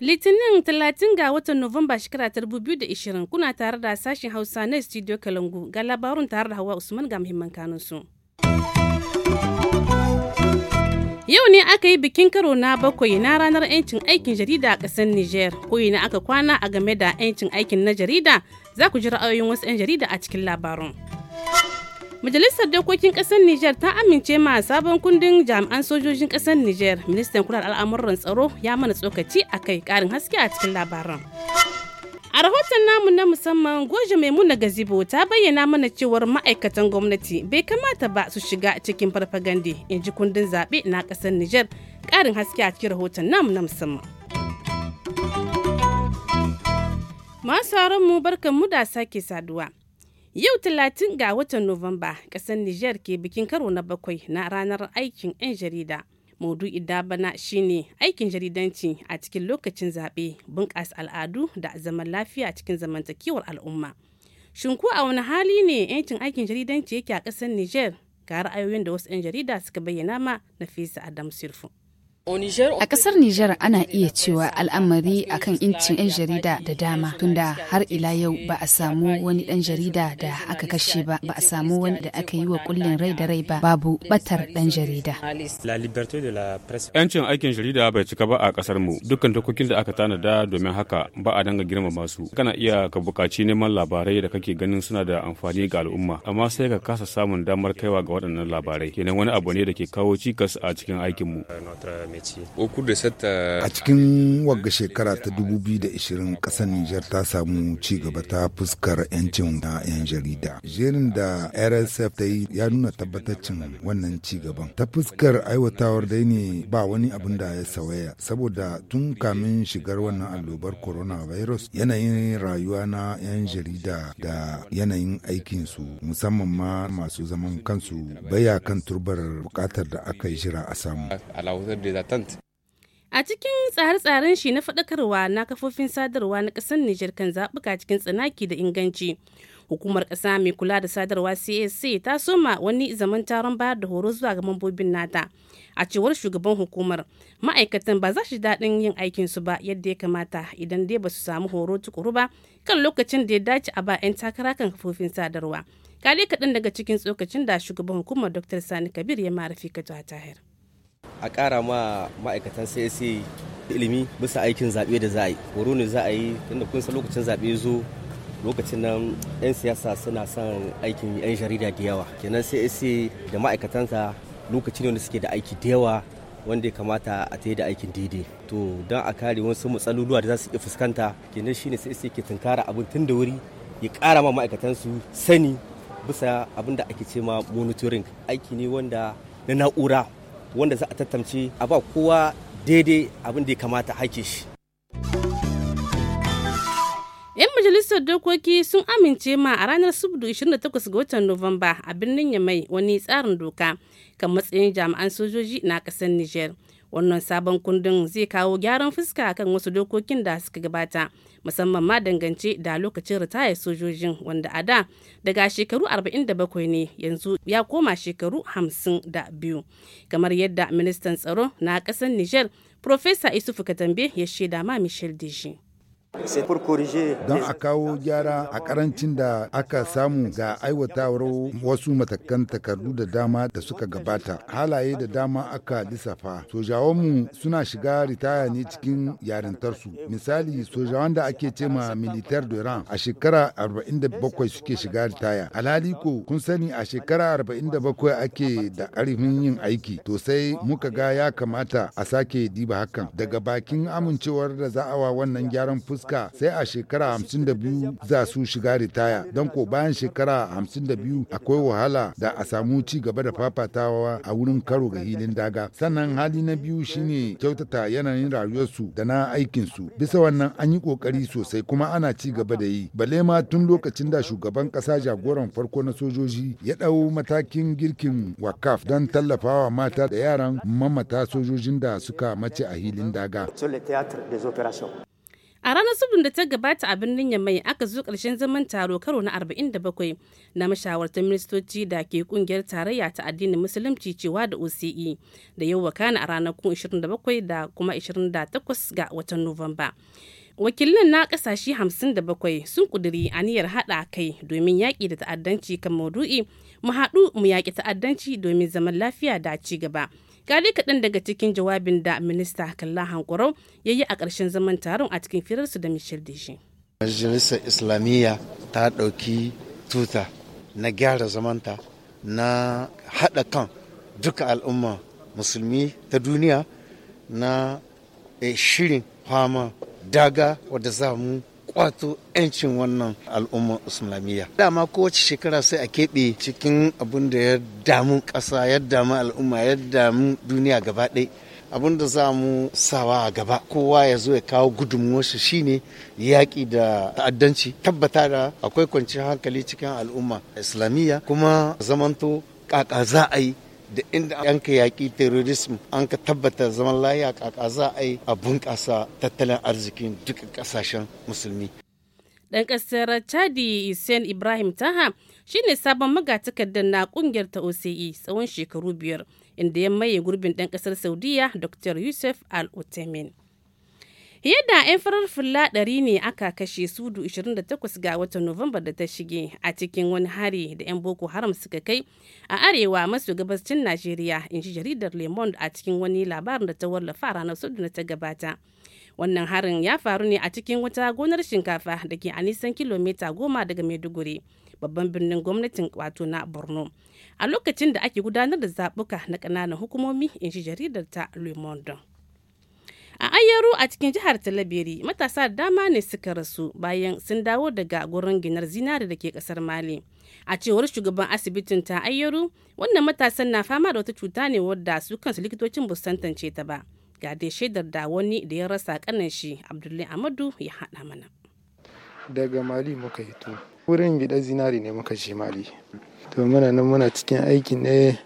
Litinin Talatin ga watan Nuwamba shekara 2020 kuna tare da sashen Hausa na studio Kalangu ga labarun tare da Hawa Usman ga muhimman kanunsu. Yau ne aka yi bikin karo na bakwai na ranar 'yancin aikin jarida a ƙasar Nijar. ina aka kwana a game da 'yancin aikin na jarida za ku ji ra'ayoyin wasu 'yan jarida a cikin labarun. Majalisar Dokokin Ƙasar Nijar ta amince ma sabon kundin jami'an sojojin Ƙasar Nijar. Ministan kula al'amuran tsaro ya mana tsokaci a kai ƙarin haske a cikin labaran. A rahoton namu na musamman goje Maimuna Gazibo ta bayyana mana cewar ma'aikatan gwamnati bai kamata ba su shiga cikin farfagande in ji kundin zaɓe na ƙasar Nijar ƙarin haske a cikin rahoton namu na musamman. Masu mu barkan mu da sake saduwa. Yau talatin ga watan Nuwamba ƙasar Nijar ke bikin karo na bakwai na ranar aikin 'yan jarida. maudu'i da bana shine aikin jaridanci a cikin lokacin zaɓe bunƙasa al'adu da zaman lafiya a cikin zamantakewar al'umma shin a wani hali ne 'yancin aikin jaridanci yake a ƙasar niger ga ra'ayoyin da wasu 'yan jarida suka bayyana ma fesa adam sirfu A kasar Nijar ana iya cewa al'amari akan incin 'yan jarida da dama tunda har ila yau ba a samu wani dan jarida da aka kashe ba ba a samu wani da aka yi wa kullin rai da rai ba babu batar ɗan jarida. Yancin aikin jarida bai cika ba a kasar mu dukkan dokokin da aka tana da domin haka ba a danga girma masu kana iya ka buƙaci neman labarai da kake ganin suna da amfani ga al'umma amma sai ka kasa samun damar kaiwa ga waɗannan labarai kenan wani abu ne da ke kawo cikas a cikin aikin mu. A cikin wagga shekara ta 2020 ƙasar Nijar ta samu ci gaba ta fuskar 'yancin na 'yan jarida. Jerin da RSF ta yi ya nuna tabbataccin wannan ci gaban. Ta fuskar aiwatawar dai ne ba wani abin da ya sawaya saboda tun kamin shigar wannan allobar coronavirus yanayin rayuwa na 'yan jarida da yanayin aikin su musamman ma masu zaman kansu baya kan turbar bukatar da aka yi jira a samu. a cikin tsare-tsaren shi na faɗakarwa na kafofin sadarwa na ƙasar Nijar kan zaɓuka cikin tsanaki da inganci. Hukumar ƙasa mai kula da sadarwa CAC ta soma wani zaman taron bayar da horo zuwa ga mambobin nata. A cewar shugaban hukumar, ma'aikatan ba za su daɗin yin aikin su ba yadda ya kamata idan dai ba su samu horo tukuru ba kan lokacin da ya dace a ba 'yan takara kan kafofin sadarwa. Kale kaɗan daga cikin tsokacin da shugaban hukumar Dr. Sani Kabir ya marafi ka Tahir. a ƙara ma ma'aikatan CSA ilimi bisa aikin zaɓe da za a yi horo ne za a yi tunda kun san lokacin zaɓe zo lokacin nan 'yan siyasa suna son aikin 'yan jarida da yawa kenan sai da ma'aikatanta lokaci ne da suke da aiki da yawa wanda ya kamata a ta da aikin daidai to don a kare wasu matsaloli da za su iya fuskanta kenan shine sai ke tunkara abin tun da wuri ya ƙara ma su sani bisa abin da ake ce monitoring aiki ne wanda na na'ura wanda za a tattamce a ba kowa daidai abin da ya kamata haƙe shi. 'Yan majalisar dokoki sun amince ma a ranar Subdu 28 ga watan Nuwamba a birnin Yamai wani tsarin doka kan matsayin jami'an sojoji na ƙasar Nijar wannan sabon kundin zai kawo gyaran fuska akan wasu dokokin da suka gabata musamman ma dangance da lokacin ritaya sojojin wanda a da daga shekaru 47 ne yanzu ya koma shekaru 52 kamar yadda ministan tsaro na ƙasar niger profesa isufu katambe ya shaida ma michel dijin Don a kawo gyara a karancin da aka samu ga aiwatawar wasu matakan takardu da dama da suka gabata. Halaye da dama aka lissafa. Sojawanmu suna shiga ritaya ne cikin yarintarsu. Misali, sojawan da ake ce ma militar Duran a shekara 47 suke shiga ritaya. Alhali ko kun sani a shekara 47 ake da karfin yin aiki. To sai muka ga ya kamata a sake diba hakan. Daga bakin amincewar da za wannan gyaran fus fuska sai a shekara 52 za su shiga ritaya don ko bayan shekara 52 akwai wahala da a samu ci gaba da fafatawa a wurin karo ga hilin daga sannan hali na biyu shine kyautata yanayin rayuwarsu da na aikinsu bisa wannan an yi kokari sosai kuma ana ci gaba da yi bale ma tun lokacin da shugaban kasa jagoran farko na sojoji ya ɗau matakin girkin wakaf don tallafawa mata da yaran mamata sojojin da suka mace a hilin daga. A ranar Subun da ta gabata a birnin Yamai aka zo ƙarshen zaman taro karo na 47 na mashawartar ministoci da ke kungiyar tarayya ta addinin musulunci cewa da OCE da yau wakana a ranakun 27 da kuma 28 ga watan Nuwamba. wakilan na kasashe 57 sun kuduri aniyar haɗa kai domin yaƙi da ta'addanci kan maudu'i mu haɗu mu yaƙi ta'addanci domin zaman lafiya da ci gaba kare kaɗan daga cikin jawabin da minista Kalla Hankurau ya yi a ƙarshen zaman taron a cikin firarsu da Michel Deji. Majalisar Islamiyya ta ɗauki tuta na gyara zamanta na haɗa kan duka al'umma musulmi ta duniya na eh, shirin fama daga wadda za mu kwato 'yancin wannan al'ummar islamiyya dama kowace shekara sai a keɓe cikin abin da ya damu ƙasa ya damu al'umma ya damu duniya gaba ɗai abin da za mu sawa a gaba kowa ya zo ya kawo gudunmuwarsa shine yaƙi da ta'addanci tabbata da akwai kwanciyar hankali cikin al'umma islamiyya kuma zamanto ƙaƙa za a yi da inda an ka yaƙi terrorism an ka tabbata zaman lahiya a za a yi a bunƙasa tattalin arzikin duka ƙasashen musulmi. Ɗan ƙasar Chadi Hussein Ibrahim Taha shi ne sabon magatakardar na ƙungiyar ta OCE tsawon shekaru biyar inda ya maye gurbin ɗan ƙasar Saudiya Dr. Yusuf Al-Utemin. yadda 'yan farar fulla ɗari ne aka kashe sudu 28 ga watan nuwamba da ta shige a cikin wani hari da 'yan boko haram suka kai a arewa maso gabascin najeriya in ji jaridar le monde a cikin wani labarin da ta wallafa ranar sudu na ta gabata wannan harin ya faru ne a cikin wata gonar shinkafa da ke a nisan kilomita goma daga maiduguri babban birnin gwamnatin wato na borno a lokacin da ake gudanar da zabuka na ƙananan hukumomi in ji jaridar ta le monde A ayyaru a cikin jihar Talabiri matasa dama ne suka rasu bayan sun dawo daga gurin ginar zinari da ke kasar Mali. A cewar shugaban asibitin ta ayyaru wannan matasan na fama da wata cuta ne wadda su kansu likitocin ba tantance ta ba. Ga dai shaidar da wani da ya rasa kanan shi Abdullahi Amadu ya haɗa mana. Daga Mali muka hito. Wurin gida zinari ne muka je Mali. To muna nan muna cikin aikin ne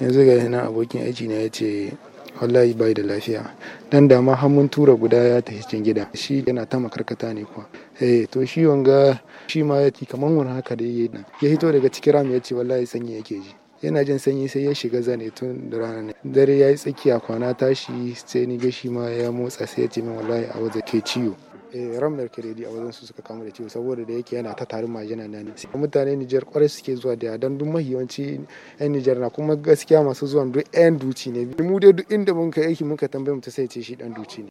yanzu ga nan abokin aiki ne ya ce wallahi bai da lafiya dan da ma hannun tura guda ya tafi cikin gida shi yana ta makarkata ne kuwa eh to shi wanga shi ma ya ci kaman wani haka da yayi nan ya hito daga cikin ram ya ce wallahi sanyi yake ji yana jin sanyi sai ya shiga zane tun da rana ne dare ya yi tsakiya kwana tashi sai ni ga shi ma ya motsa sai ya ce min wallahi a waje ke ciwo Eh, ran kiredi a wajen su suka kama da ciwo saboda da yake yana ta tarin majina A mutane Nijar kwarai suke zuwa da don duk mahiyanci yan Nijar na kuma gaskiya masu zuwan duk yan duci ne mu dai duk inda mun kai aiki muka tambaye mu ta sai ce shi dan duci ne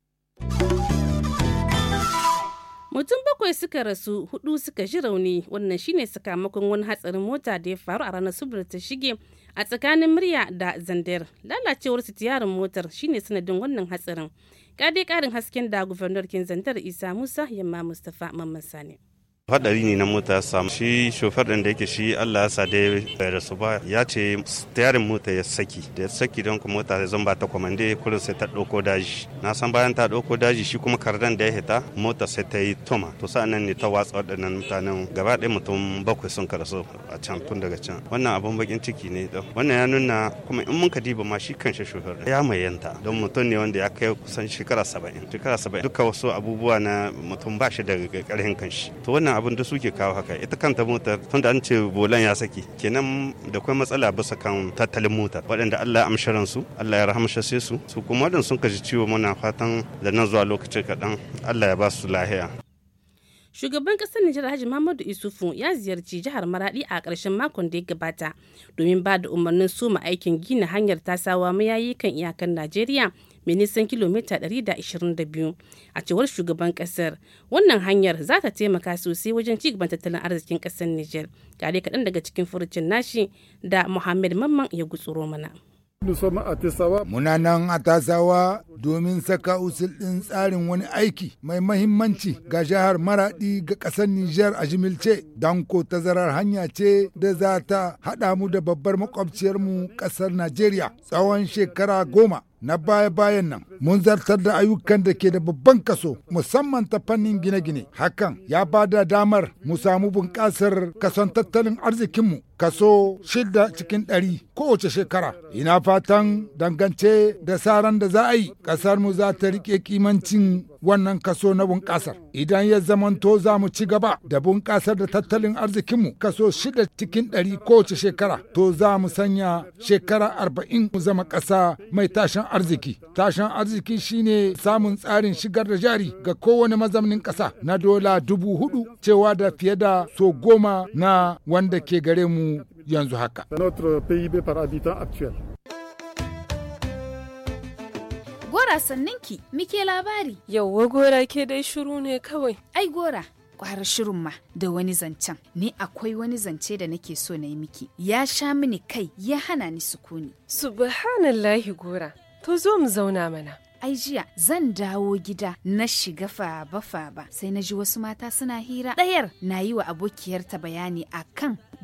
mutum bakwai suka rasu hudu suka ji rauni wannan shine sakamakon wani hatsarin mota da ya faru a ranar subur ta shige a tsakanin murya da zandar lalacewar su tiyarin motar shine sanadin wannan hatsarin kadai karin hasken da gubernar kin zandar isa musa yamma mustapha mamman sani hadari ne na mota ya samu shi shofar din da yake shi Allah ya sade bai rasu ba ya ce tayarin mota ya saki da ya saki don ku mota zan ba ta komande kurin sai ta ɗauko daji na san bayan ta ɗauko daji shi kuma kardan da ya hita mota sai ta yi toma to sa'an nan ne ta watsa waɗannan mutanen gaba ɗaya mutum bakwai sun karasu a can tun daga can wannan abun bakin ciki ne don wannan ya nuna kuma in mun ka diba ma shi kanshi shofar ya mayanta don mutum ne wanda ya kai kusan shekara 70 shekara 70 duka wasu abubuwa na mutum ba shi daga karhin kanshi to wannan abin da suke kawo haka ita kanta motar tun da an ce bolan ya saki kenan da kai matsala bisa kan tattalin motar waɗanda Allah ya amsharan su Allah ya rahamshe su su kuma waɗanda sun kaji ciwo muna fatan da nan zuwa lokacin kaɗan Allah ya ba su lahiya. Shugaban ƙasar Nijar Alhaji Muhammadu Isufu ya ziyarci jihar Maradi a ƙarshen makon da ya gabata domin ba da umarnin suma aikin gina hanyar tasawa mayayi kan iyakar Najeriya mai nisan kilomita 122 a cewar shugaban kasar wannan hanyar za ta taimaka sosai wajen cigaban tattalin arzikin kasar niger tare kaɗan daga cikin furucin nashi da muhammed mamman ya gutsuro mana Muna nan a tasawa domin saka usul ɗin tsarin wani aiki mai mahimmanci ga jihar Maraɗi ga ƙasar Nijar a Jimilce, don ko tazarar hanya ce da za ta haɗa mu da babbar makwabciyarmu ƙasar Najeriya tsawon shekara goma. na baya-bayan nan mun zartar da ayyukan da ke da babban kaso musamman ta fannin gine-gine hakan ya ba da damar mu samu bunƙasar kason tattalin arzikinmu kaso shida cikin ɗari kowace shekara ina fatan dangance da saran da za a yi ƙasarmu za ta riƙe kimancin wannan kaso na bunƙasar. Idan ya zamanto za mu ci gaba da bunƙasar da tattalin arzikinmu kaso shida cikin ɗari kowace shekara to za mu sanya shekara arba'in mu zama ƙasa mai tashin arziki. Tashin arziki shine samun tsarin shigar da jari ga kowane mazaunin ƙasa na dola dubu hudu cewa da fiye da so goma na wanda ke gare mu yanzu haka. Notre PIB Gora ki muke labari. Yauwa Gora ke dai shiru ne kawai. Ai Gora, kwara shirin ma da wani zancen ni akwai wani zance da nake so na yi miki ya sha mini kai ya hana ni sukuni subhanallahi gora to zo mu zauna mana ai jiya zan dawo gida na shiga faba faba sai na ji wasu mata suna hira ɗayar na yi wa abokiyarta bayani akan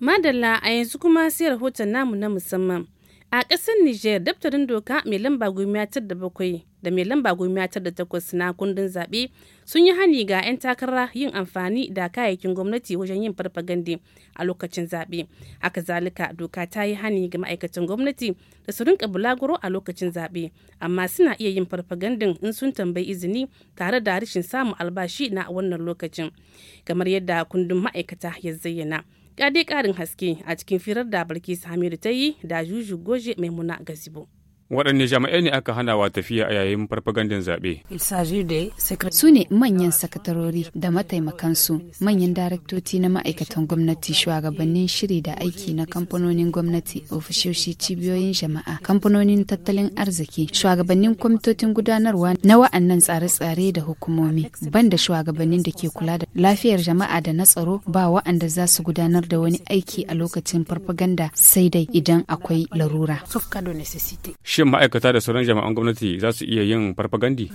Madalla a yanzu kuma sai rahoton namu na musamman. A ƙasar Nijar daftarin doka mai lamba gumiyatar da bakwai da mai lamba gumiyatar da takwas na kundin zaɓe sun yi hani ga 'yan takara yin amfani da kayayyakin gwamnati wajen yin farfagande a lokacin zaɓe. Haka zalika doka ta yi hani ga ma'aikatan gwamnati da su rinka bulaguro a lokacin zaɓe, amma suna iya yin farfagandin in sun tambayi izini tare da rashin samun albashi na wannan lokacin, kamar yadda kundin ma'aikata ya zayyana. ya ƙarin haske a cikin firar da Bilkisu Hamidu ta yi da Juju Goje Maimuna Gazibo. waɗanne jama'ai ne aka hana wa tafiya a yayin farfagandin zaɓe. Su ne manyan sakatarori da mataimakansu, manyan daraktoci na ma'aikatan gwamnati, shugabannin shiri da aiki na kamfanonin gwamnati, ofishoshi cibiyoyin jama'a, kamfanonin tattalin arziki, shugabannin kwamitocin gudanarwa na wa'annan tsare-tsare da hukumomi, banda shugabannin da ke kula da lafiyar jama'a da na tsaro ba wa'anda za su gudanar da wani aiki a lokacin farfaganda sai dai idan akwai larura. shin ma'aikata da sauran jami'an gwamnati za su iya yin farfagandi?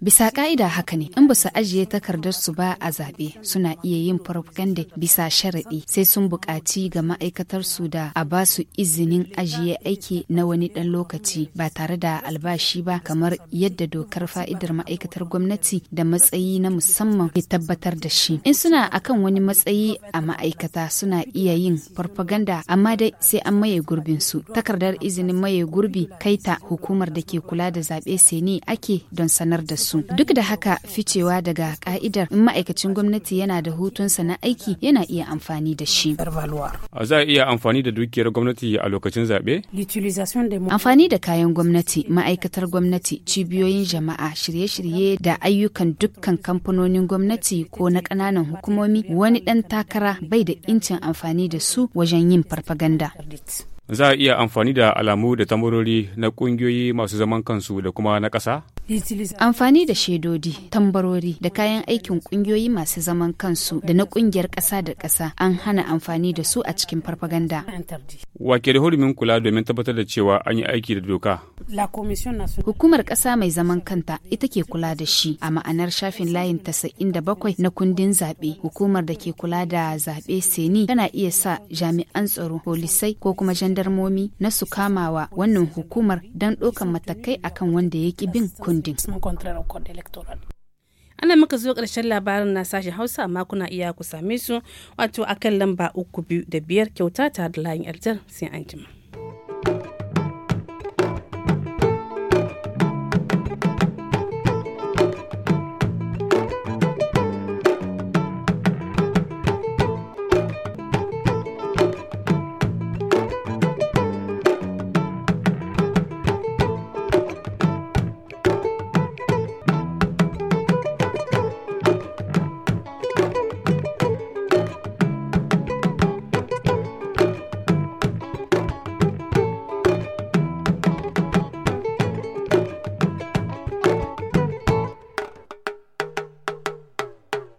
Bisa ka'ida haka ne, in basu ajiye takardar su ba a zaɓe suna iya yin farfagandi bisa sharaɗi sai sun buƙaci ga ma'aikatar su da a ba su izinin ajiye aiki na wani ɗan lokaci ba tare da albashi ba kamar yadda dokar fa'idar ma'aikatar gwamnati da matsayi na musamman ke tabbatar da shi. In suna akan wani matsayi a ma'aikata suna iya yin farfaganda amma dai sai an maye gurbin su takardar izinin maye gurbin gurbi kai ta hukumar da ke kula da zaɓe seni ake don sanar da su. Duk da haka ficewa daga ka'idar in ma'aikacin gwamnati yana da hutunsa na aiki yana iya amfani da shi. za a iya amfani da dukiyar gwamnati a lokacin zaɓe? Amfani da kayan gwamnati, ma'aikatar gwamnati, cibiyoyin jama'a, shirye-shirye da ayyukan dukkan kamfanonin gwamnati ko na ƙananan hukumomi wani ɗan takara bai da incin amfani da su wajen yin farfaganda. za a iya amfani da alamu da tambarori na kungiyoyi masu zaman kansu da kuma na ƙasa? Amfani da shaidodi, tambarori da kayan aikin kungiyoyi masu zaman kansu da na ƙungiyar ƙasa da ƙasa an hana amfani da su a cikin farfaganda. Wake da hurumin kula domin tabbatar da cewa an yi aiki da doka. Hukumar ƙasa mai zaman kanta ita ke kula da shi a ma'anar shafin layin tasa'in da bakwai na kundin zaɓe. Hukumar da ke kula da zaɓe seni tana iya sa jami'an tsaro, polisai ko kuma jan jandarmomi na su kamawa wannan hukumar don ɗaukan matakai akan wanda ya ki bin kundin. ana maka zo karshen labarin na sashen hausa amma kuna iya ku same su wato akan lamba uku biyu da biyar kyauta tare da layin aljar sai an jima.